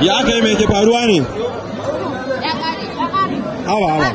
ya aka yi mai ke faruwa ne awa awa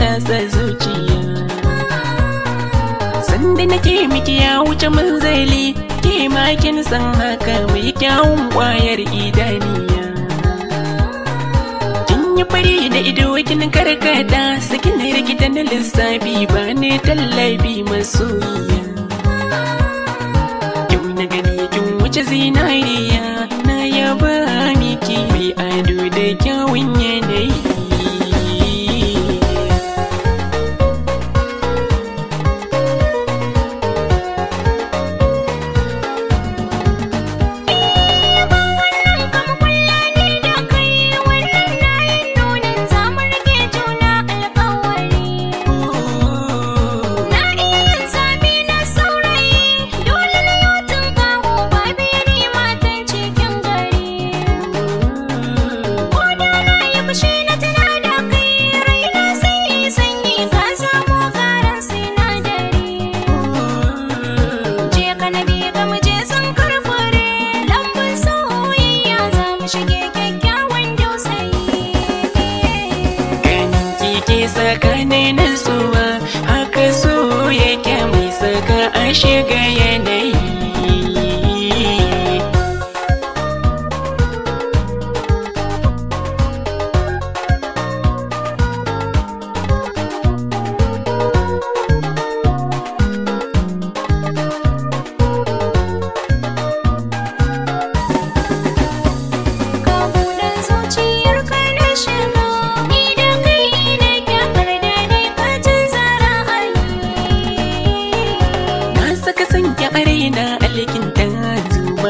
nake miki ya wuce munzali ke ma kin san haka mai kyawun kwayar idaniya kin yi fari da ido kin karkata sakin rikita na lissafi ba ne tallafi masoyiya kin na gani kin wuce zinariya na yaba shige kyakkyawan dausayi ganin titi tsakanin nutsuwa haka so yake mai saka a shiga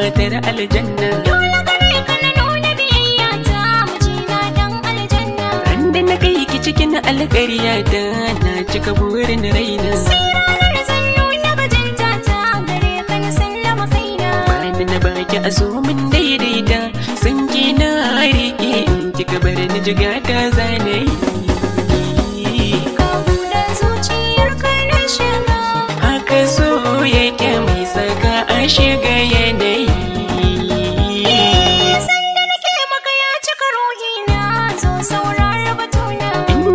fatar aljanna dole ka na nuna biyayya ta aljanna ran da na kai ki cikin alƙarya da na cika burin raina sai ranar zan nuna bajinta ta gare ka na sallama kaina bani na baki a zomin min daidaita sun ki na riƙe in cika bar ni jiga ta